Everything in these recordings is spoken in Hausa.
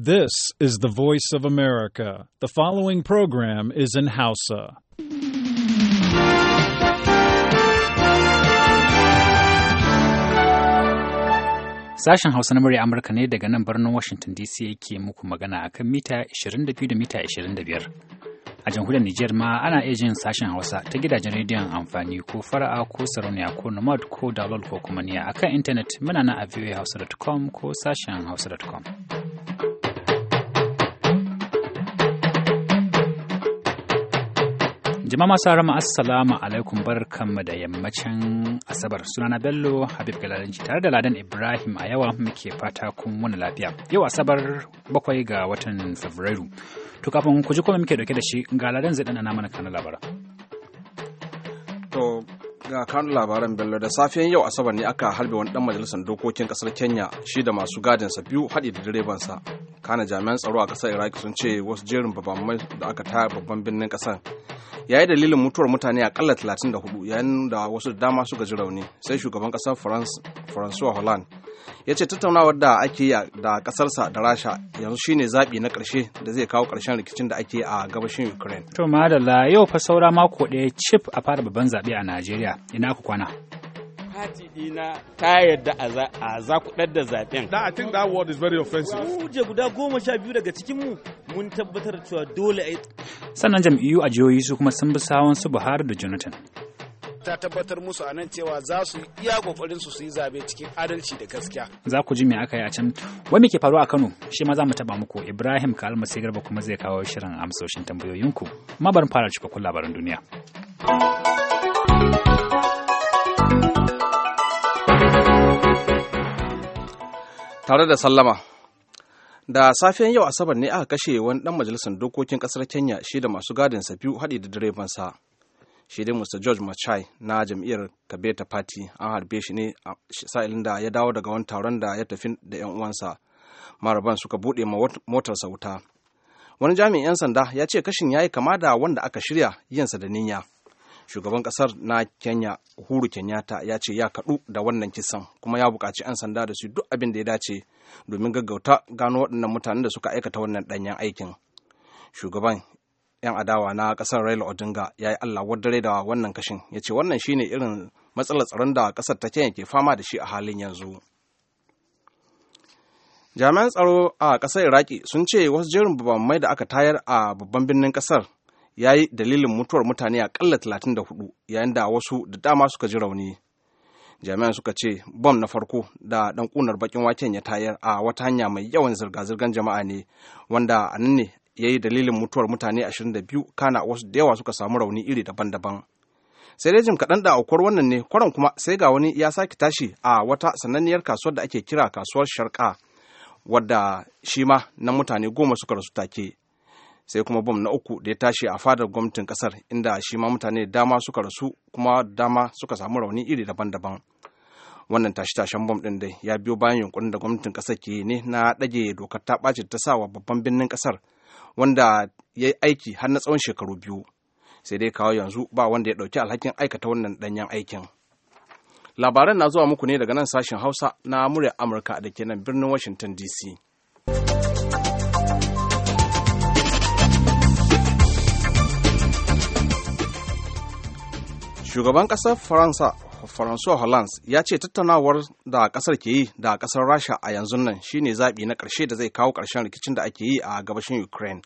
This is the voice of America. The following program is in Hausa. Sashen Hausa na murya Amurka ne daga nan birnin Washington DC yake muku magana akan mita 22 da mita 25. A jamhuriyar Nijar ma ana iya jin sashen Hausa ta gidajen rediyon amfani ko fara'a ko sarauniya ko nomad ko dalol ko kuma niya akan intanet muna nan a voahausa.com ko sashen hausa.com. Jama'a masu rama assalamu alaikum barkanmu da yammacin asabar sunana Bello Habib Galalanci tare da Ladan Ibrahim a yawa muke fata kun wani lafiya. Yau asabar bakwai ga watan Fabrairu. To kafin ku ji kuma muke dauke da shi ga Ladan zai dana mana kanun labaran. To ga kanun labaran Bello da safiyan yau asabar ne aka harbe wani dan majalisar dokokin kasar Kenya shi da masu gadinsa biyu haɗi da direbansa. kana jami'an tsaro a kasar iraq sun ce wasu jerin babban da aka taya babban birnin kasar yayi dalilin mutuwar mutane akalla 34 yayin da wasu dama suka ji rauni sai shugaban kasar francois holland ya ce tattaunawar da ake yi da kasarsa da rasha yanzu shine zaɓi na ƙarshe da zai kawo ƙarshen rikicin da ake a gabashin ukraine to madalla yau fa saura mako ɗaya cif a fara babban zaɓe a najeriya ina ku kwana party dina ta yarda a zakudar da zaben. Da I think that word is very offensive. Mu guda goma sha biyu daga cikin mu mun tabbatar cewa dole a Sannan jam'iyyu a jihohi su kuma sun bi sawon su Buhari da Jonathan. ta tabbatar musu a nan cewa za su iya kokarin su yi zabe cikin adalci da gaskiya. Za ku ji me aka yi a can. Wai ke faruwa a Kano? Shi ma za mu taba muku. Ibrahim ka almasi garba kuma zai kawo shirin amsoshin tambayoyinku. Mabarin fara cikakkun labaran duniya. tare da sallama da safiyan yau asabar ne aka kashe wani dan majalisar dokokin kasar kenya shi da masu gadin sa biyu haɗi da direbansa shi dai mr george machai na jam'iyyar kabeta party an harbe shi ne a sa'ilin da ya dawo daga wani taron da ya tafi da yan uwansa maraban suka buɗe motarsa wuta wani jami'in 'yan sanda ya ce kashin ya yi kama da wanda aka shirya yinsa da niyya shugaban kasar na kenya uhuru kenyatta ya ce ya kaɗu da wannan kisan kuma ya buƙaci 'yan sanda da su duk abin da ya dace domin gaggauta gano waɗannan mutanen da suka aikata wannan ɗanyen aikin shugaban 'yan adawa na kasar raila odinga ya yi allah wadare da wannan kashin ya ce wannan shine irin matsalar tsaron da kasar ta kenya ke fama da shi a halin yanzu jami'an tsaro a ƙasar iraki sun ce wasu jerin babban mai da aka tayar a babban birnin ƙasar ya yi dalilin mutuwar mutane akalla hudu yayin da wasu da dama suka ji rauni jami'an suka ce bom na farko da dan kunar bakin waken ya tayar a wata hanya mai yawan zirga-zirgar jama'a ne wanda a nan ne ya yi dalilin mutuwar mutane ashirin da biyu kana wasu da yawa suka samu rauni iri daban-daban sai dai jim kaɗan da aukuwar wannan ne kwaran kuma sai ga wani ya sake tashi a wata sananniyar kasuwar da ake kira kasuwar sharka wadda shi ma na mutane goma suka rasu take sai kuma bom na uku da ya tashi a fadar gwamnatin kasar inda shi ma mutane dama suka rasu kuma dama suka samu rauni iri daban-daban wannan tashe-tashen bom din dai ya biyo bayan yunkurin da gwamnatin kasar ke ne na ɗage dokar ta ɓaci ta sa wa babban birnin kasar wanda ya yi aiki har na tsawon shekaru biyu sai dai kawo yanzu ba wanda ya ɗauki alhakin aikata wannan ɗanyen aikin labaran na zuwa muku ne daga nan sashen hausa na murya amurka da ke nan birnin washington dc shugaban ƙasar faransa faransuwa hollands ya ce tattaunawar da ƙasar ke yi da ƙasar rasha a yanzu nan shine zaɓi na ƙarshe da zai kawo ƙarshen rikicin da ake yi a gabashin ukraine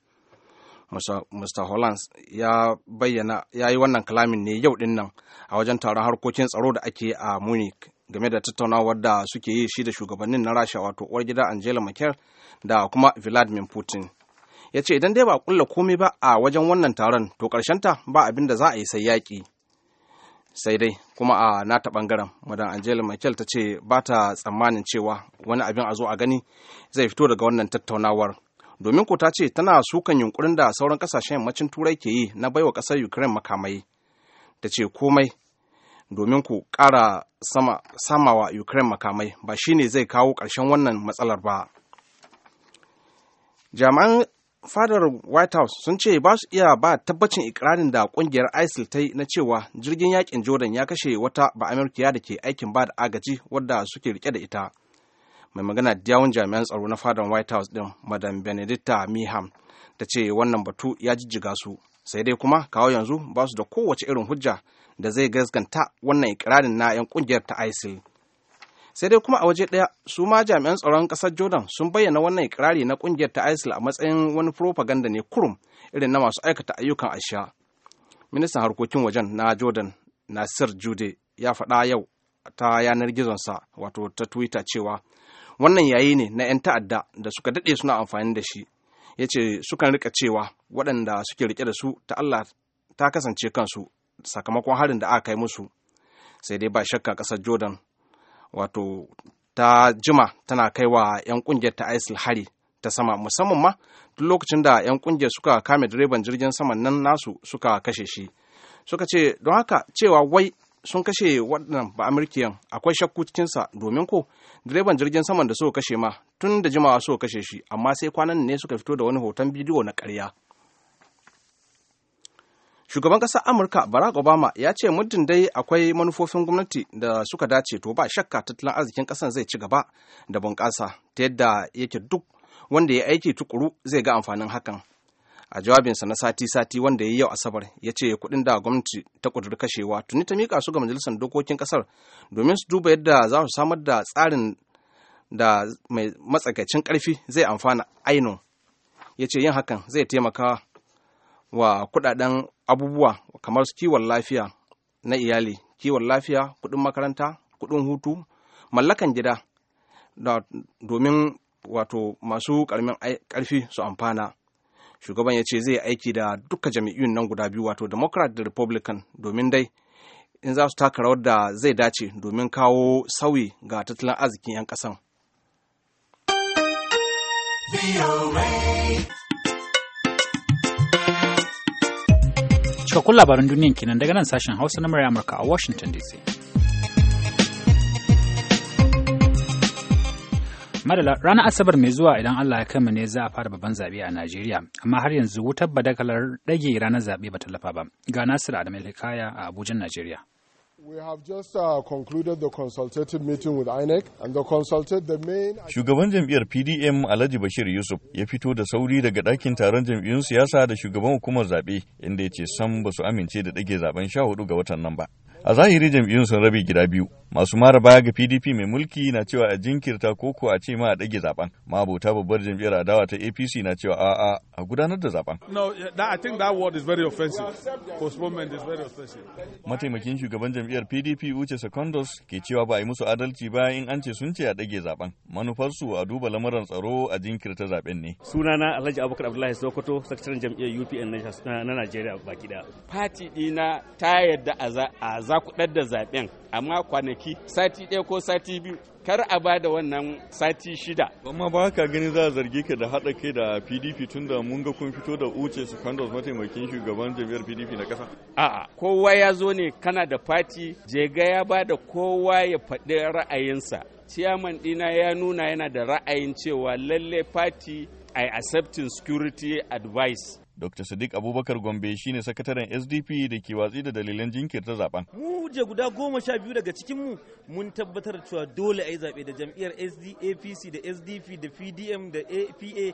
mr hollands ya bayyana ya yi wannan kalamin ne yau din nan a wajen taron harkokin tsaro da ake a munich game da tattaunawar da suke yi shi da shugabannin na rasha wato uwar gida angela merkel da kuma vladimir putin ya ce idan dai ba kulla komai ba a wajen wannan taron to ta ba abin da za a yi sai yaƙi sai dai kuma a nata bangaren madan angela michael ta ce ba ta tsammanin cewa wani abin a zo a gani zai fito daga wannan tattaunawar domin ko ta ce tana sukan yunkurin da sauran kasashen yammacin turai ke yi na baiwa kasar ukraine makamai ta ce komai domin ku kara samawa ukraine makamai ba shine zai kawo ƙarshen wannan matsalar ba jami'an fadar white house sun ce ba su iya ba tabbacin ikirarin da kungiyar isil ta yi na cewa jirgin yakin jordan ya kashe wata ba amurkiya da ke aikin ba da agaji wadda suke rike da ita mai magana da jami'an tsaro na fadar white house din madam benedicta miham ta ce wannan batu ya jijjiga su sai dai kuma kawo yanzu ba su da kowace irin hujja da zai gaskanta wannan ikirarin na 'yan kungiyar ta isil sai dai kuma a waje ɗaya su ma jami'an tsaron ƙasar jordan sun bayyana wannan ikirari na ƙungiyar ta isil a matsayin wani propaganda ne kurum irin na masu aikata ayyukan asha ministan harkokin wajen na jordan nasir jude ya faɗa yau ta yanar gizonsa wato ta twitter cewa wannan yayi ne na 'yan ta'adda da suka daɗe suna amfani da shi ya ce sukan rika cewa waɗanda suke rike da su ta allah ta kasance kansu sakamakon harin da aka kai musu sai dai ba shakka ƙasar jordan wato ta jima tana kai wa 'yan kungiyar ta isil hari ta sama musamman ma duk lokacin da 'yan kungiyar suka kame direban jirgin saman nan nasu suka kashe shi suka ce don haka cewa wai sun kashe waɗannan ba amurkiyan akwai shakku cikinsa domin ko direban jirgin saman da suka kashe ma tun da jimawa suka kashe shi amma sai kwanan ne suka fito da wani hoton bidiyo na ƙarya shugaban ƙasar amurka barack obama ya ce muddin dai akwai manufofin gwamnati da suka dace to ba shakka tattalin arzikin ƙasar zai ci gaba da bunƙasa ta yadda yake duk wanda ya aiki tukuru zai ga amfanin hakan a jawabinsa na sati-sati wanda ya yi yau asabar ya ce kuɗin da gwamnati ta ƙudiri kashewa tuni ta miƙa su ga majalisar dokokin ƙasar domin su duba yadda za su samar da tsarin da mai matsakaicin ƙarfi zai amfana ainihin ya ce yin hakan zai taimaka wa kudaden abubuwa kamar su kiwon lafiya na iyali kiwon lafiya kudin makaranta kudin hutu mallakan gida domin wato masu karamin karfi su amfana shugaban ya ce zai aiki da duka jami'in nan guda biyu wato democrat da republican domin dai in za su taka rawar da zai dace domin kawo sauyi ga tattalin arzikin 'yan ƙasan. cikakkun labaran duniyan kenan daga nan sashen hausa na murya amurka a washington dc madala ranar asabar mai zuwa idan allah ya kama ne za a fara babban zaɓe a najeriya amma har yanzu wutar badakalar ɗage ranar zaɓe ba ta lafa ba ga nasiru adamu hikaya a abuja najeriya Uh, shugaban jam'iyyar PDM Alhaji Bashir Yusuf ya fito da sauri daga ɗakin taron jam'iyyun siyasa da shugaban hukumar zaɓe inda ya ce sam ba su amince da ɗage zaben sha hudu ga watan nan ba. A zahiri jam'iyyun sun rabe gida biyu. Masu mara baya ga PDP mai mulki na cewa a jinkirta koko a ce ma a ɗage zaben. Mabota babbar jam'iyyar adawa ta APC na cewa a a gudanar da zaben. No, that, I think that word is very offensive. Postponement is very offensive. Mataimakin shugaban jam'iyyar PDP Uche Secondos ke cewa ba a yi musu adalci ba in an ce sun ce a ɗage zaben. Manufarsu a duba lamuran tsaro a jinkirta zaben ne. Sunana Alhaji Abubakar Abdullahi Sokoto, sakataren jam'iyyar UPN na Najeriya baki ɗaya. Fati ɗina ta yadda a za ku ɗar da zaɓen amma kwanaki sati ɗaya ko sati biyu kar a ba da wannan sati shida. Amma ba ka gani za a zargi ka da haɗa kai da PDP tun da mun ga kun fito da uce Secondos mataimakin shugaban jami'ar PDP na ƙasa. A'a, kowa ya zo ne kana da fati, jega ya ba da kowa ya faɗi ra'ayinsa. Ciyaman ɗina ya nuna yana da ra'ayin cewa lalle fati I accepting security advice Dr. Sadiq Abubakar Gombe shine sakataren SDP da ke watsi da dalilan jinkirta zaben. Mu je guda goma sha biyu daga cikin mu mun tabbatar cewa dole a yi zaɓe da jam'iyyar APC da SDP da PDM da APA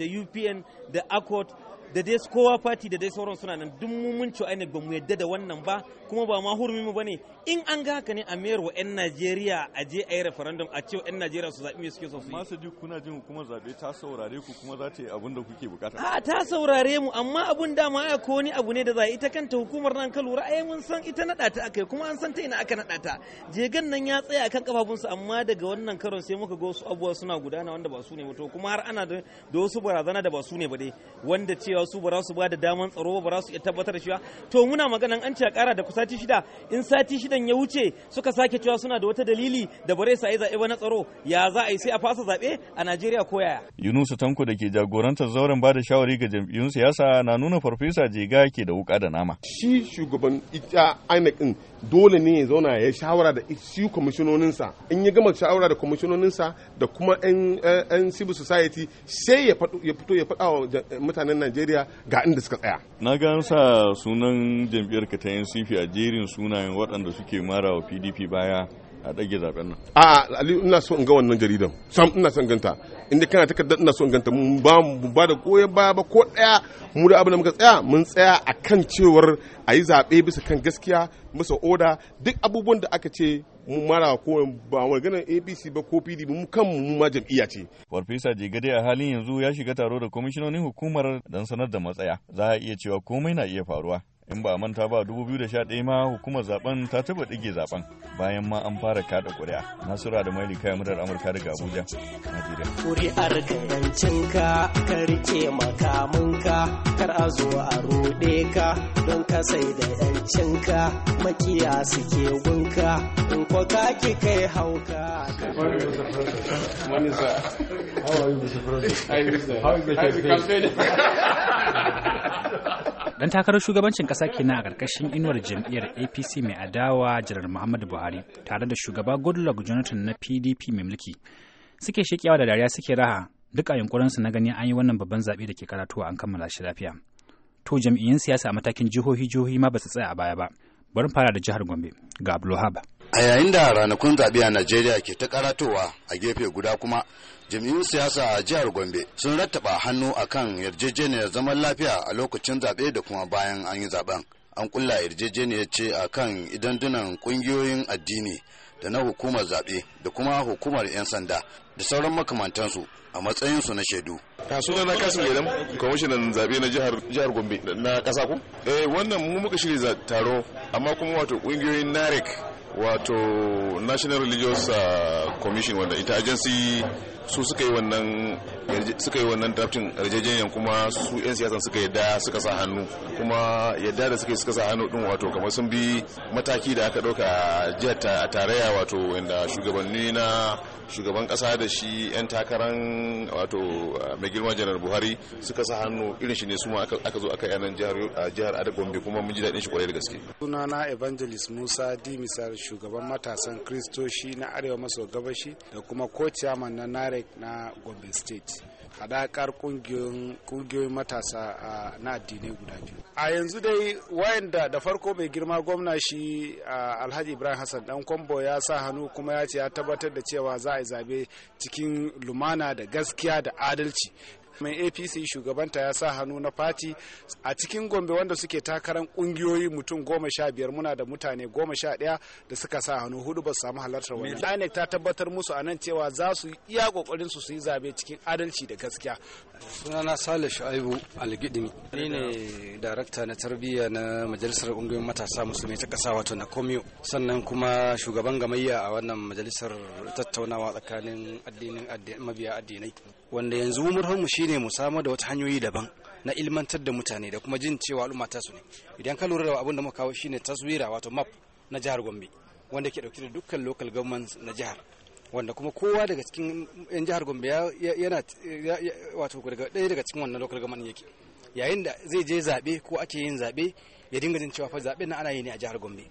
da UPN da ACOT da dai kowa fati da dai sauran suna nan duk mu mun ci ba mu yadda da wannan ba kuma ba ma hurumi mu ne. in an ga haka ne a mayar wa 'yan najeriya a je a yi referendum a cewa 'yan najeriya su zaɓi mai suke so su yi masu duk kuna jin hukumar zaɓe ta saurare ku kuma za ta yi abin da kuke bukata a ta saurare mu amma abun da ma ko wani abu ne da za ita kanta hukumar nan ka lura ai mun san ita naɗa ta aka yi kuma an san ta ina aka naɗa ta jegan nan ya tsaya akan kafafunsa amma daga wannan karon sai muka ga wasu abubuwa suna gudana wanda ba su ne ba to kuma har ana da wasu barazana da ba su ne ba dai wanda cewa su ba za su ba da daman tsaro ba za su iya tabbatar da shi ba to muna maganan an ce a kara da sati shida in sati shida shidan ya wuce suka sake cewa suna da wata dalili da bare sa yi zaɓe wani tsaro ya za a yi sai a fasa zaɓe a Najeriya ko yaya. Yunusu Tanko da ke jagorantar zauren bada shawari ga jam'iyyun siyasa na nuna farfesa jega ke da wuka da nama. Shi shugaban ita INEC dole ne ya zauna ya shawara da su kwamishinoninsa in ya gama shawara da kwamishinoninsa da kuma 'yan civil society sai ya fito ya faɗa wa mutanen najeriya ga inda suka tsaya na ga sa sunan jam'iyyar ka ta ncp a jerin sunayen waɗanda suke mara wa pdp baya a ɗage zaben nan a ali ina so in ga wannan jaridan sam ina son ganta inda kana takardar ina so in ganta mun ba mu ba da koyar baya ba ko ɗaya mu da abin da muka tsaya mun tsaya akan cewar a yi zaɓe bisa kan gaskiya bisa oda duk abubuwan da aka ce mu mara ko ba maganar apc ba ko pdp mu kan mu ma jam'iyya ce farfesa jigade a halin yanzu ya shiga taro da kwamishinonin hukumar don sanar da matsaya za a iya cewa komai na iya faruwa in ba manta ba 2011 ma hukumar zaben ta taba ɗige zaben bayan ma an fara kaɗa ƙuri'a nasura da maili kai murar amurka daga abuja najeriya ƙuri'ar ka ka rike ka kar a zo a roɗe ka don ka sai da yancinka makiya suke gunka in ko ka ki kai hauka How are you, Mr. President? How is the campaign? dan takarar shugabancin kasa kenan a ƙarƙashin inuwar jam'iyyar apc mai adawa janar muhammadu buhari tare da shugaba goodluck jonathan na pdp mai mulki suke shekewa da dariya suke raha duk a yunkurinsu na gani an yi wannan babban zaɓe da ke karatuwa an kammala shi lafiya to jam'iyyun siyasa a matakin jihohi jihohi ma ba su tsaya a baya ba bari fara da jihar gombe ga abdulhab a yayin da ranakun zaɓe a najeriya ke ta karatowa a gefe guda kuma jam'iyyun siyasa a jihar gombe sun rattaba hannu akan yarjejeniyar zaman lafiya a lokacin zaɓe da kuma bayan an yi zaɓen an kulla yarjejeniyar ce a kan idandunan ƙungiyoyin addini da na hukumar zaɓe da kuma hukumar 'yan sanda da sauran makamantansu a matsayinsu na shaidu. ta suna na kasin gidan kwamishinan zaɓe na jihar gombe na ƙasa ku? eh wannan mu muka shirya taro amma kuma wato ƙungiyoyin narek wato national religious uh, commission wanda ita agency su suka yi wannan suka yi wannan drafting yarjejeniyar kuma su 'yan siyasan suka yadda suka sa hannu kuma yadda da suka suka sa hannu din wato kamar sun bi mataki da aka ɗauka jihar tarayya wato inda shugabanni na shugaban kasa da shi 'yan takaran wato mai girma janar buhari suka sa hannu irin shi ne su aka zo aka yanan jihar adar gombe kuma mun ji daɗin shi kwarai da gaske sunana evangelist musa dimisar shugaban matasan kristoshi na arewa maso gabashi da kuma ko ciyaman na narek na gombe state hadakar kungiyoyin matasa na addinai guda biyu a yanzu dai wayanda da farko mai girma gwamna shi alhaji ibrahim hassan dan kwambo ya sa hannu kuma ya ce ya tabbatar da cewa za a yi zabe cikin lumana da gaskiya da adalci mai apc shugabanta ya sa hannu na fati a cikin gombe wanda suke takarar kungiyoyi mutum goma sha biyar muna da mutane goma sha ɗaya da suka sa hannu hudu ba su samu halartar wani dane ta tabbatar musu a nan cewa za su iya kokarin su yi zabe cikin adalci da gaskiya sunana sale shu'aibu algidin ni ne darakta na tarbiyya na majalisar kungiyoyin matasa musulmi ta kasa wato na komiyo sannan kuma shugaban gamayya a wannan majalisar tattaunawa tsakanin addinin mabiya addinai wanda yanzu mu shi shine mu samar da wata hanyoyi daban na ilmantar da mutane da kuma jin cewa al'umma ta su ne idan ka lura da abin da muka kawo shine taswira wato map na jihar Gombe wanda ke dauke da dukkan local governments na jihar wanda kuma kowa daga cikin yan jihar Gombe yana wato ɗaya daga cikin wannan local government yake yayin da zai je zabe ko ake yin zabe ya dinga jin cewa fa zabe na ana yi ne a jihar Gombe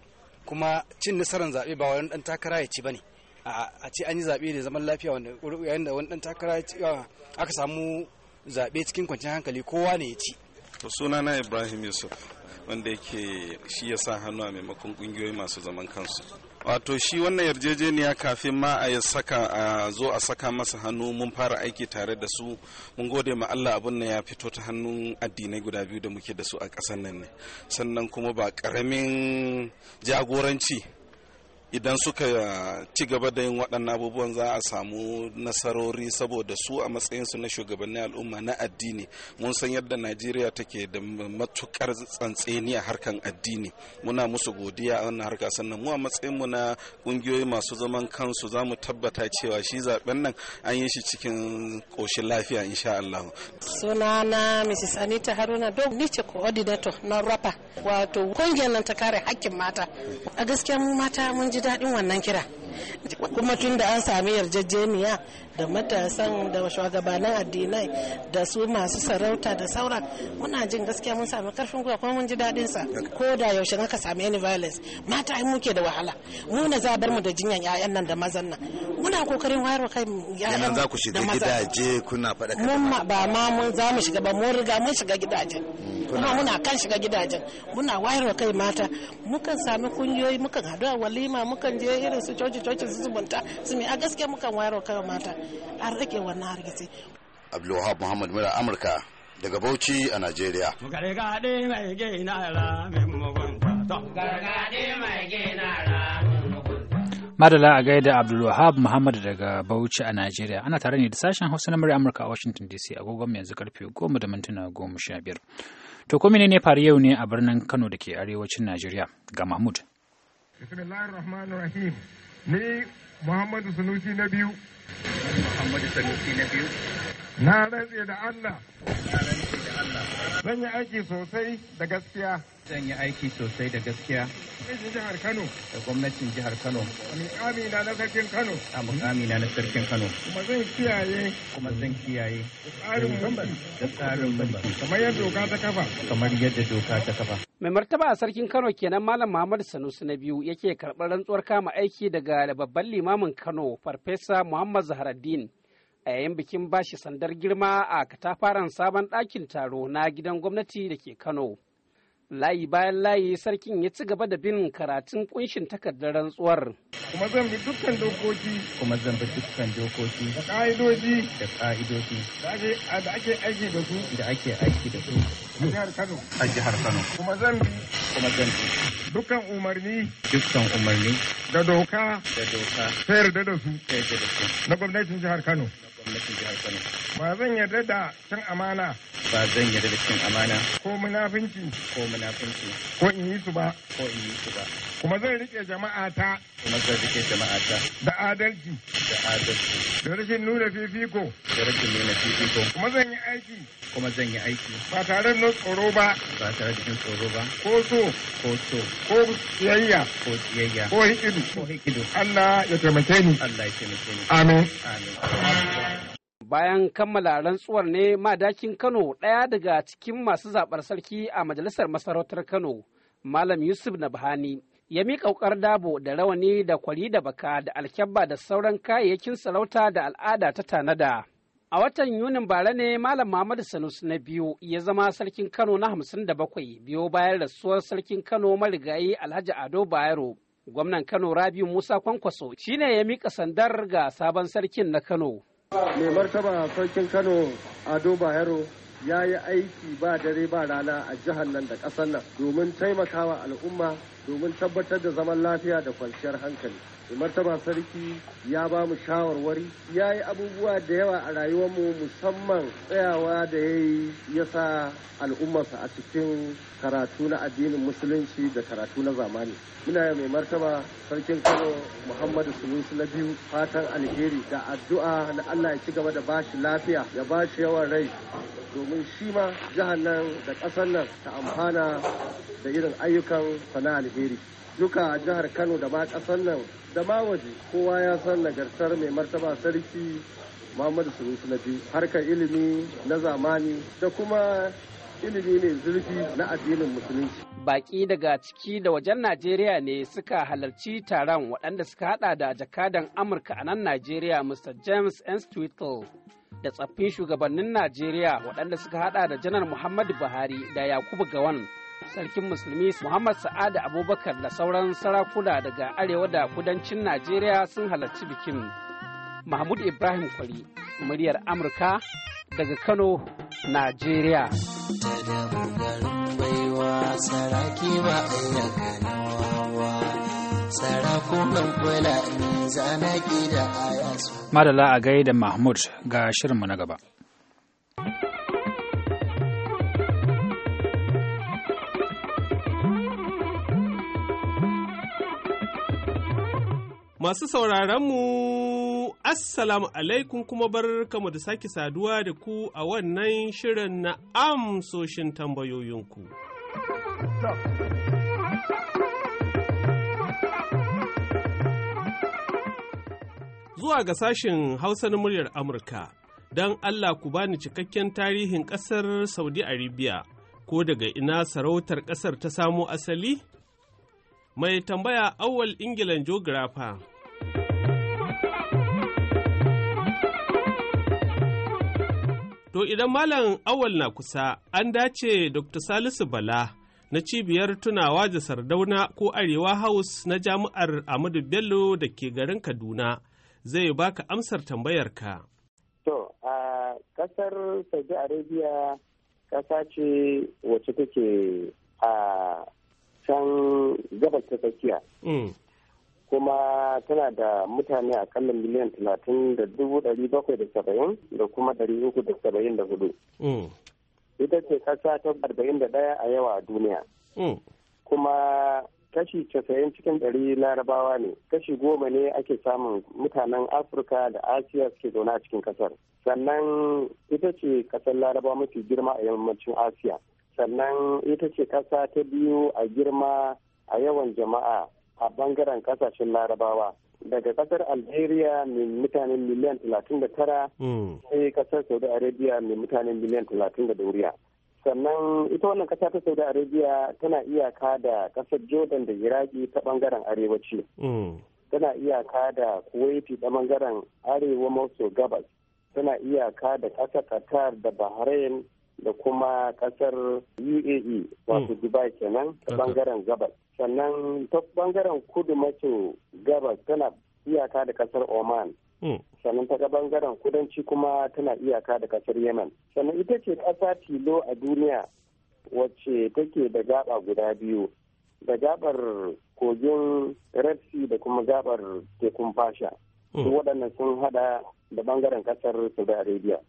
kuma cin nasarar zabe ba wani dan takara ya ci bane a ce an yi zabe da zaman lafiya wanda yayin da wani dan takara ya ci aka samu zaɓe cikin kwanciyar hankali kowa ne ya ci. na ibrahim yusuf wanda yake shi ya sa hannu a maimakon ƙungiyoyi masu zaman kansu wato shi wannan yarjejeniya kafin ma a saka a zo a saka masa hannu mun fara aiki tare da su mun gode ma Allah abun nan ya fito ta hannun addinai guda biyu da muke da su a ƙasar nan ne sannan kuma ba ƙaramin jagoranci idan suka uh, ci gaba da yin waɗannan abubuwan za a samu nasarori saboda su a matsayinsu na shugabanni al'umma na addini mun san yadda najeriya take da matukar tsantseni a harkan addini muna musu godiya a wannan harka sannan mu a matsayinmu na ƙungiyoyi masu zaman kansu za mu tabbata cewa shi zaben nan an yi shi cikin ƙoshin lafiya insha Allah. sunana mrs anita haruna dog ni ce coordinator na rapa wato kungiyar nan ta kare hakkin mata a gaskiya mu mata mun ji daɗin wannan kira kuma tun da an sami yarjejeniya da matasan da shugabannin addinai da su masu sarauta da sauran muna jin gaskiya mun sami karfin gwiwa kuma mun ji daɗin sa ko da yaushe aka sami any violence mata ai muke da wahala mu na za bar mu da jinyan ƴaƴan nan da mazan nan muna kokarin wayar kai ƴaƴan za ku shiga gidaje kuna faɗa mun ba ma mun za mu shiga ba mun riga mun shiga gidajen hmm, kuma muna kan shiga gidajen muna wayar kai mata mukan sami kungiyoyi mukan haɗu a walima mukan je irin su coci coci su zumunta su mai a gaske mukan wayar kawai mata a rage wannan hargitsi abdulwahab muhammad mura amurka daga bauchi a najeriya gargaɗe mai gina ra mai mugunta gargaɗe mai gina ra Madala a gaida Abdulwahab Muhammad daga Bauchi a Najeriya. Ana tare ne da sashen Hausa na murya Amurka a Washington DC agogon yanzu karfe goma da mintuna goma sha biyar. To ko ne faru yau ne a birnin Kano da ke arewacin Najeriya ga Mahmud. ni muhammadu sanusi na biyu muhammadu sanusi na biyu na rantse da allah zan yi aiki sosai da gaskiya Zan yi aiki sosai da gaskiya. Da gwamnatin jihar Kano. A mukami na na sarkin Kano. Kuma zan kiyaye. Da tsarin mulki. Kamar yadda doka ta kafa. Mai martaba a sarkin Kano kenan Malam Muhammad Sanusi na biyu yake karɓar rantsuwar kama aiki daga babban limamin Kano Farfesa Muhammad Zaharaddin. a yayin bikin bashi sandar girma a katafaren sabon ɗakin taro na gidan gwamnati da ke Kano. layi bayan layi sarkin ya ci gaba da bin karatun kunshin takardar rantsuwar. Kuma zan bi dukkan dokoki. Kuma zan bi dukkan dokoki. Da ka'idoji. Da ka'idoji. Da ake aiki da su. Da ake aiki da su. A jihar Kano. A jihar Kano. Kuma zan bi. Kuma zan bi. Dukkan umarni. Dukkan umarni. Da doka. Da doka. Ta yarda da su. Ta yarda da su. Na gwamnatin jihar Kano. gwamnatin jihar Kano. Ba zan yarda da cin amana. Ba zan yarda da cin amana. Ko munafinci. Ko munafinci. Ko in yi su ba. Ko in yi su ba. Kuma zan rike jama'a ta. Kuma zan rike jama'a ta. Da adalci. Da adalci. Da rashin nuna fifiko. Da rashin nuna fifiko. Kuma zan yi aiki. Kuma zan yi aiki. Ba tare da tsoro ba. Ba tare da tsoro ba. Ko so. Ko so. ko siyayya ko siyayya ko hikidu ko hikidu Allah ya taimake ni Allah ya taimake ni amin bayan kammala rantsuwar ne madakin Kano ɗaya daga cikin masu zaɓar sarki a majalisar masarautar Kano Malam Yusuf na Nabhani ya miƙa ƙaukar dabo da rawani da kwari da baka da alkyabba da sauran kayayyakin sarauta da al'ada ta tanada A watan Yunin bara ne Malam Muhammadu Sanusi na biyu ya zama sarkin Kano na hamsin da bakwai biyo bayan rasuwar sarkin Kano marigayi Alhaji Ado Bayero. Gwamnan Kano Rabiu Musa Kwankwaso shi ne ya mika sandar ga sabon sarkin na Kano. Mai martaba sarkin Kano Ado Bayero ya yi aiki ba dare ba rana a jihar nan da ƙasar nan domin taimakawa al'umma domin tabbatar da zaman lafiya da kwanciyar hankali. martaba sarki ya ba mu shawarwari ya yi abubuwa da yawa a rayuwarmu musamman tsayawa da ya yi ya sa al'ummarsa a cikin karatu na addinin musulunci da karatu na zamani muna mai martaba sarkin kano muhammadu sulusu na biyu fatan alheri da addu'a na allah ya ci gaba da bashi lafiya ya bashi yawan rai domin shi ma jihar nan da ƙasar nan ta amfana da irin ayyukan sana alheri duka jihar kano da ma kasar nan da ma waje kowa ya san nagartar mai martaba sarki muhammadu sunusu na biyu harkar ilimi na zamani da kuma ilimi ne zurfi na addinin musulunci baki daga ciki da wajen Najeriya ne suka halarci taron waɗanda suka hada da jakadan Amurka a nan Najeriya Mr. James N. da tsaffin shugabannin Najeriya waɗanda suka hada da Janar Muhammadu Buhari da Yakubu Gawan sarkin musulmi Muhammad Sa'ada Abubakar da sauran sarakuna daga arewa da kudancin Najeriya sun halarci bikin. Mahmud Ibrahim Kwari, muryar Amurka daga Kano, Najeriya. Madala a gaida Mahmud ga shirinmu na gaba. Masu sauraronmu, Assalamu alaikum kuma bar kamu da sake saduwa da ku a wannan shirin na amsoshin tambayoyinku. Zuwa ga sashen Hausa na muryar Amurka, don Allah ku bani cikakken tarihin ƙasar Saudi Arabia, ko daga ina sarautar ƙasar ta samo asali? Mai tambaya awal Ingilan Geographer. To idan Malam Awal na kusa, an dace Dr. Salisu Bala na cibiyar tunawa da Sardauna ko Arewa House na Jami'ar Ahmadu Bello da ke garin Kaduna zai baka amsar tambayarka. To, a ƙasar Saudi Arabia ƙasa ce wacce take a can gabas ta tsakiya mm. kuma tana da mutane a kallon miliyan talatin da dubu ɗari bakwai da saba'in da kuma ɗari uku da saba'in da hudu mm. ita ce kasa ta arba'in da ɗaya a yawa a duniya mm. kuma kashi casa'in cikin ɗari larabawa ne kashi goma ne ake samun mutanen afirka da asiya suke zaune a cikin kasar sannan ita ce kasar larabawa mafi girma a yammacin asiya sannan ita ce ƙasa ta biyu a girma a yawan jama'a a bangaren ƙasashen larabawa daga ƙasar algeria mai mutanen miliyan 39 mm. sai ƙasar saudi arabia mai mutanen miliyan 30 sannan ita wannan ƙasa ta saudi arabia tana iyaka da ƙasar jordan da iraki ta bangaren arewaci mm. tana iyaka da kuwaiti ta bangaren arewa maso gabas tana iyaka da ƙasar qatar da bahrain da kuma kasar uae wato hmm. dubai kenan ta bangaren gabas sannan ta bangaren kudu maso gabas tana iyaka da kasar oman hmm. sannan ta bangaren kudanci kuma tana iyaka da kasar yemen sannan ita ce ƙasa tilo a duniya wacce take da gaba guda biyu da gabar kogin red sea da kuma gabar tekun fasha hmm. waɗannan sun hada da bangaren kasar saudi arabia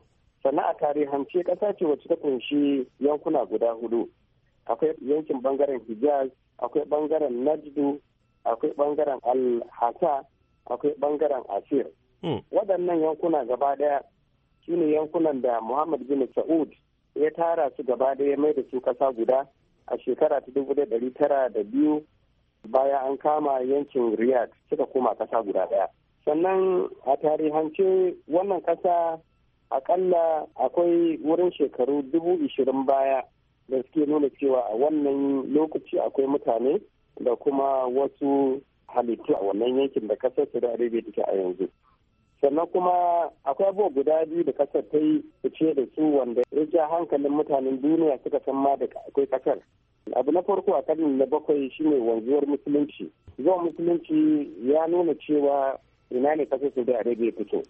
sannan a tarihance ƙasa ce wacce ta kunshi yankuna guda hudu akwai yankin bangaren hijaz akwai bangaren najdu akwai bangaren alhasa akwai bangaren asir hmm. waɗannan yankuna gaba ɗaya shine yankunan da muhammad bin sa'ud ya tara su gaba ɗaya mai da su ƙasa guda a shekara ta dubu da ɗari tara da biyu baya an kama yankin riyad suka koma ƙasa guda ɗaya sannan a tarihance wannan ƙasa akalla akwai wurin shekaru dubu ishirin baya da suke nuna cewa a wannan lokaci akwai mutane da kuma wasu halittu a wannan yankin da kasar su da take a yanzu sannan kuma akwai abubuwa guda biyu da kasar ta yi fice da su wanda ya ja hankalin mutanen duniya suka san ma da akwai kasar abu na farko a karni na bakwai shine wanzuwar musulunci zuwa musulunci ya nuna cewa ina ne kasar da arabia take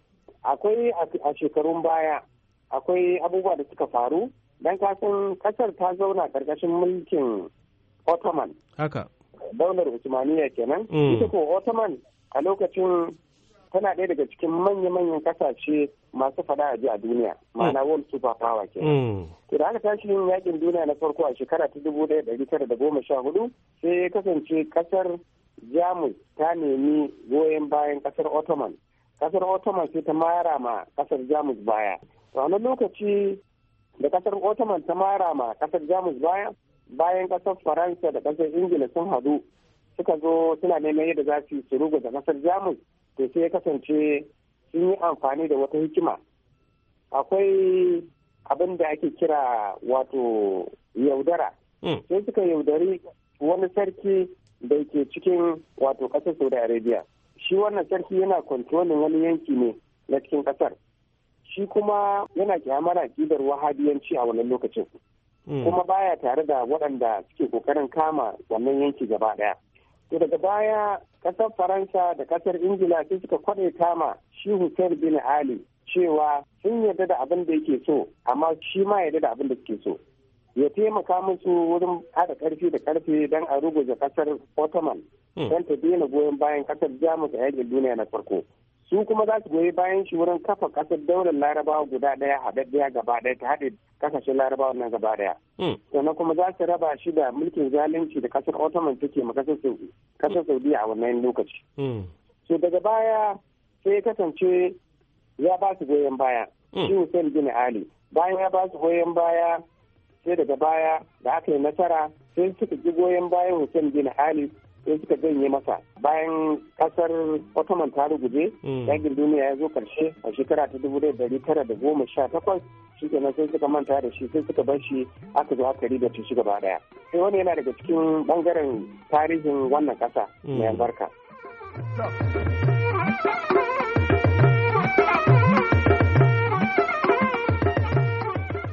akwai a shekarun baya akwai abubuwa da suka faru don kasan kasar ta zauna karkashin mulkin ottoman haka daular usmaniya kenan mm. ita ko ottoman a lokacin tana ɗaya daga cikin manya-manyan kasashe masu fada a a duniya mm. ma'ana world super power ke mm. to da aka tashi yin yakin duniya na farko a shekara ta dubu ɗaya ɗari tara da goma sha hudu sai ya kasance kasar jamus ta nemi goyon bayan kasar ottoman kasar ottoman ce ta mara ma kasar jamus baya wani lokaci da kasar ottoman ta mara ma kasar jamus baya bayan kasar faransa da kasar ingila sun hadu suka zo suna neman yadda za su su rugu da kasar jamus to sai ya kasance sun yi amfani da wata hikima akwai abin da ake kira wato yaudara hmm. sai suka yaudari wani sarki da ke cikin wato kasar saudi arabia shi wannan sarki yana kontrolin wani yanki ne na cikin kasar shi kuma yana kyamara kidar wahadiyanci a wannan lokacin hmm. kuma baya tare da waɗanda suke kokarin kama wannan yanki gaba ɗaya to daga baya kasar faransa da kasar ingila sai suka kwaɗe kama shi hussein bin ali cewa sun yarda da abin da yake so amma shi ma yarda da abin da suke so ya taimaka musu wurin haɗa karfi da ƙarfe don a ruguza kasar ottoman hmm. don ta daina goyon bayan kasar jamus a yankin duniya na farko su kuma za su goyi bayan shi wurin kafa kasar daular larabawa guda ɗaya haɗaɗɗiya gaba daya ta haɗe kasashen larabawa nan gaba daya hmm. sannan kuma za su raba shi da mulkin zalunci da ƙasar ottoman take ma ƙasar saudiya a wannan lokaci hmm. so daga baya sai kasance ya ba su goyon baya shi hussein bin ali bayan ya ba su goyon baya sai daga baya da aka yi nasara sai suka ji goyon bayan hussein bin ali sai suka janye masa bayan kasar ottoman ta ruguje yakin hmm. duniya ya zo karshe a shekara ta dubu dari tara da goma sha takwas shi kenan sai suka manta da shi sai suka bar shi aka zo aka da shi gaba daya sai wani yana daga cikin bangaren tarihin wannan kasa mai hmm. albarka.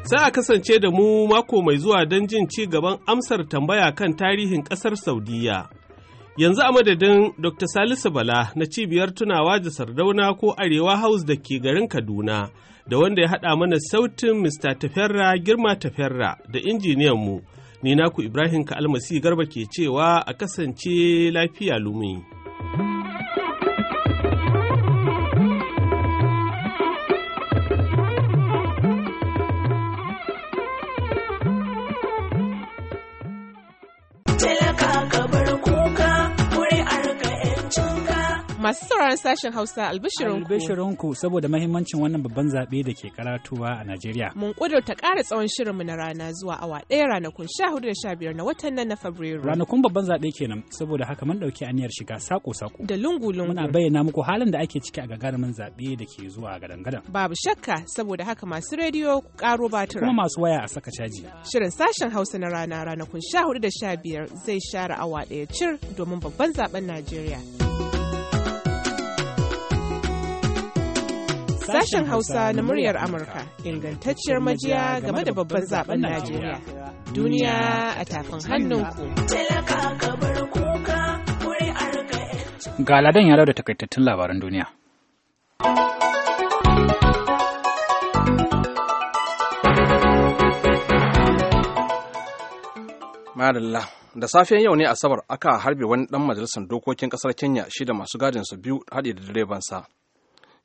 Sai a kasance da mu mako mai zuwa don jin ci gaban amsar tambaya kan tarihin ƙasar Saudiyya. Yanzu a madadin Dr. Salisu Bala na cibiyar tunawa da Sardauna ko Arewa House da ke garin Kaduna, da wanda ya haɗa mana sautin Mr. Tafera Girma Tafera da injiniyanmu, ni naku Ibrahim Ka'almasi Garba ke cewa a kasance lafiya lumi. Masu sauran sashen Hausa albishirinku. Albishirinku saboda mahimmancin wannan babban zaɓe da ke karatuwa a Najeriya. Mun ƙudurta ƙara tsawon shirinmu na rana zuwa awa ɗaya ranakun sha hudu da sha biyar na watan nan na Fabrairu. Ranakun babban zaɓe kenan saboda haka mun ɗauki aniyar shiga sako-sako. Da lungu-lungu. Muna bayyana muku halin da ake ciki a gagarumin zaɓe da ke zuwa gadan-gadan. Babu shakka saboda haka masu rediyo ku ƙaro batura Kuma masu waya a saka caji. Shirin sashen Hausa na rana ranakun sha hudu da sha biyar zai share awa ɗaya cir domin babban zaɓen Najeriya. Sashen Hausa na muryar Amurka ingantacciyar majiya game da babban zaben Najeriya. Duniya a tafin hannunku. Ga aladen ya da takaitattun labaran duniya. Madalla. da safiyan yau ne asabar aka harbe wani dan majalisar dokokin kasar kenya shida masu gadinsa biyu haɗe da direbansa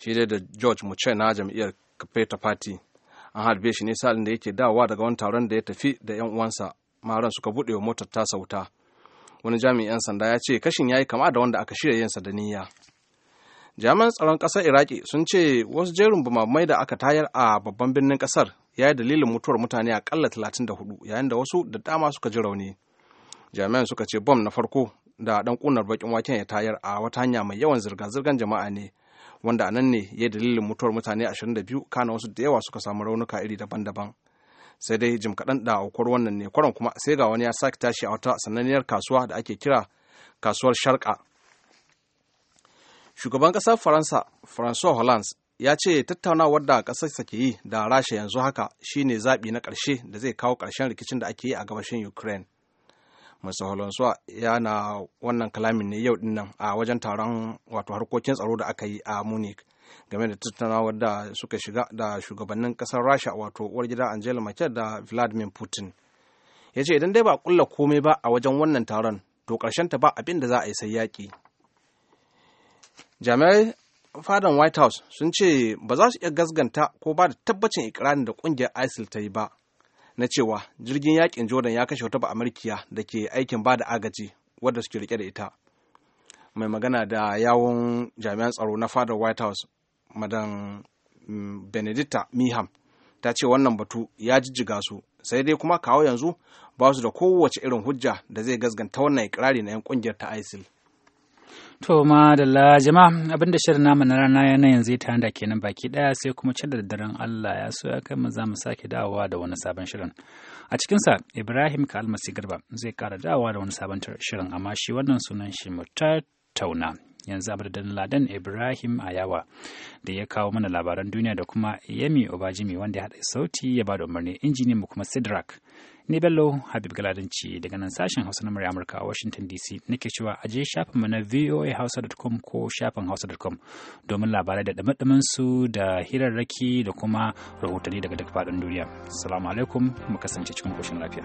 shi dai da george muche na jam'iyyar kapeta party an harbe shi ne salin da yake dawowa daga wani taron da ya tafi da yan uwansa maran suka buɗe wa motar ta sauta wani jami'in 'yan sanda ya ce kashin ya yi kama da wanda aka shirya yinsa da niyya jami'an tsaron ƙasar iraki sun ce wasu jerin bumamai da aka tayar a babban birnin ƙasar ya yi dalilin mutuwar mutane a da 34 yayin da wasu da dama suka ji rauni jami'an suka ce bom na farko da ɗan kunar bakin waken ya tayar a wata hanya mai yawan zirga-zirgar jama'a ne wanda a nan ne ya dalilin mutuwar mutane 22 kana wasu da yawa suka samu raunuka iri daban-daban sai dai jim kaɗan da aukuwar wannan ne kwaran kuma sai ga wani ya sake tashi a wata sananniyar kasuwa da ake kira kasuwar sharka shugaban ƙasar faransa francois hollande ya ce tattaunawar da ƙasarsa ke yi da rasha yanzu haka shine zaɓi na ƙarshe da zai kawo ƙarshen rikicin da ake yi a gabashin ukraine musa Holonsuwa yana wannan kalamin ne yau dinnan a wajen taron wato harkokin tsaro da aka yi a Munich game da tattaunawar da suka shiga da shugabannin kasar Rasha wato uwar gida Angela Merkel da Vladimir Putin. Ya ce idan dai ba kulla komai ba a wajen wannan taron to karshen ta ba abin da za a yi sai yaki. Jami'ai fadan White House sun ce ba za su iya gasganta ko ba da tabbacin ikirarin da kungiyar ISIL ta yi ba na cewa jirgin yakin jordan ya kashe wata amurkiya da ke aikin ba da agaji wadda suke rike da ita mai magana da yawon jami'an tsaro na fadar white house madam mm, benedicta miham ta ce wannan batu ya jijjiga su sai dai kuma kawo yanzu ba su da kowace irin hujja da zai gasganta wannan ikirari na 'yan kungiyar ta isil To ma da la jama'a abinda shirin namu na rana yana yanzu ta da kenan baki daya sai kuma can da daren Allah ya so ya kai mu za mu sake dawowa da wani sabon shirin. A cikin sa Ibrahim ka almasi garba zai kara dawowa da wani sabon shirin amma shi wannan sunan shi mu tauna Yanzu abu da Ladan Ibrahim Ayawa da ya kawo mana labaran duniya da kuma Yemi Obajimi wanda ya haɗa sauti ya ba da umarni injini mu kuma Sidrak. ni bello habib galadanci daga nan sashen hausa na murya amurka a washington dc nake cewa aje shafin mu na hausa.com ko shafin hausa.com domin labarai da dame su da hirarraki da kuma rahotanni daga duk faɗin duniya salamu alaikum mu kasance cikin koshin lafiya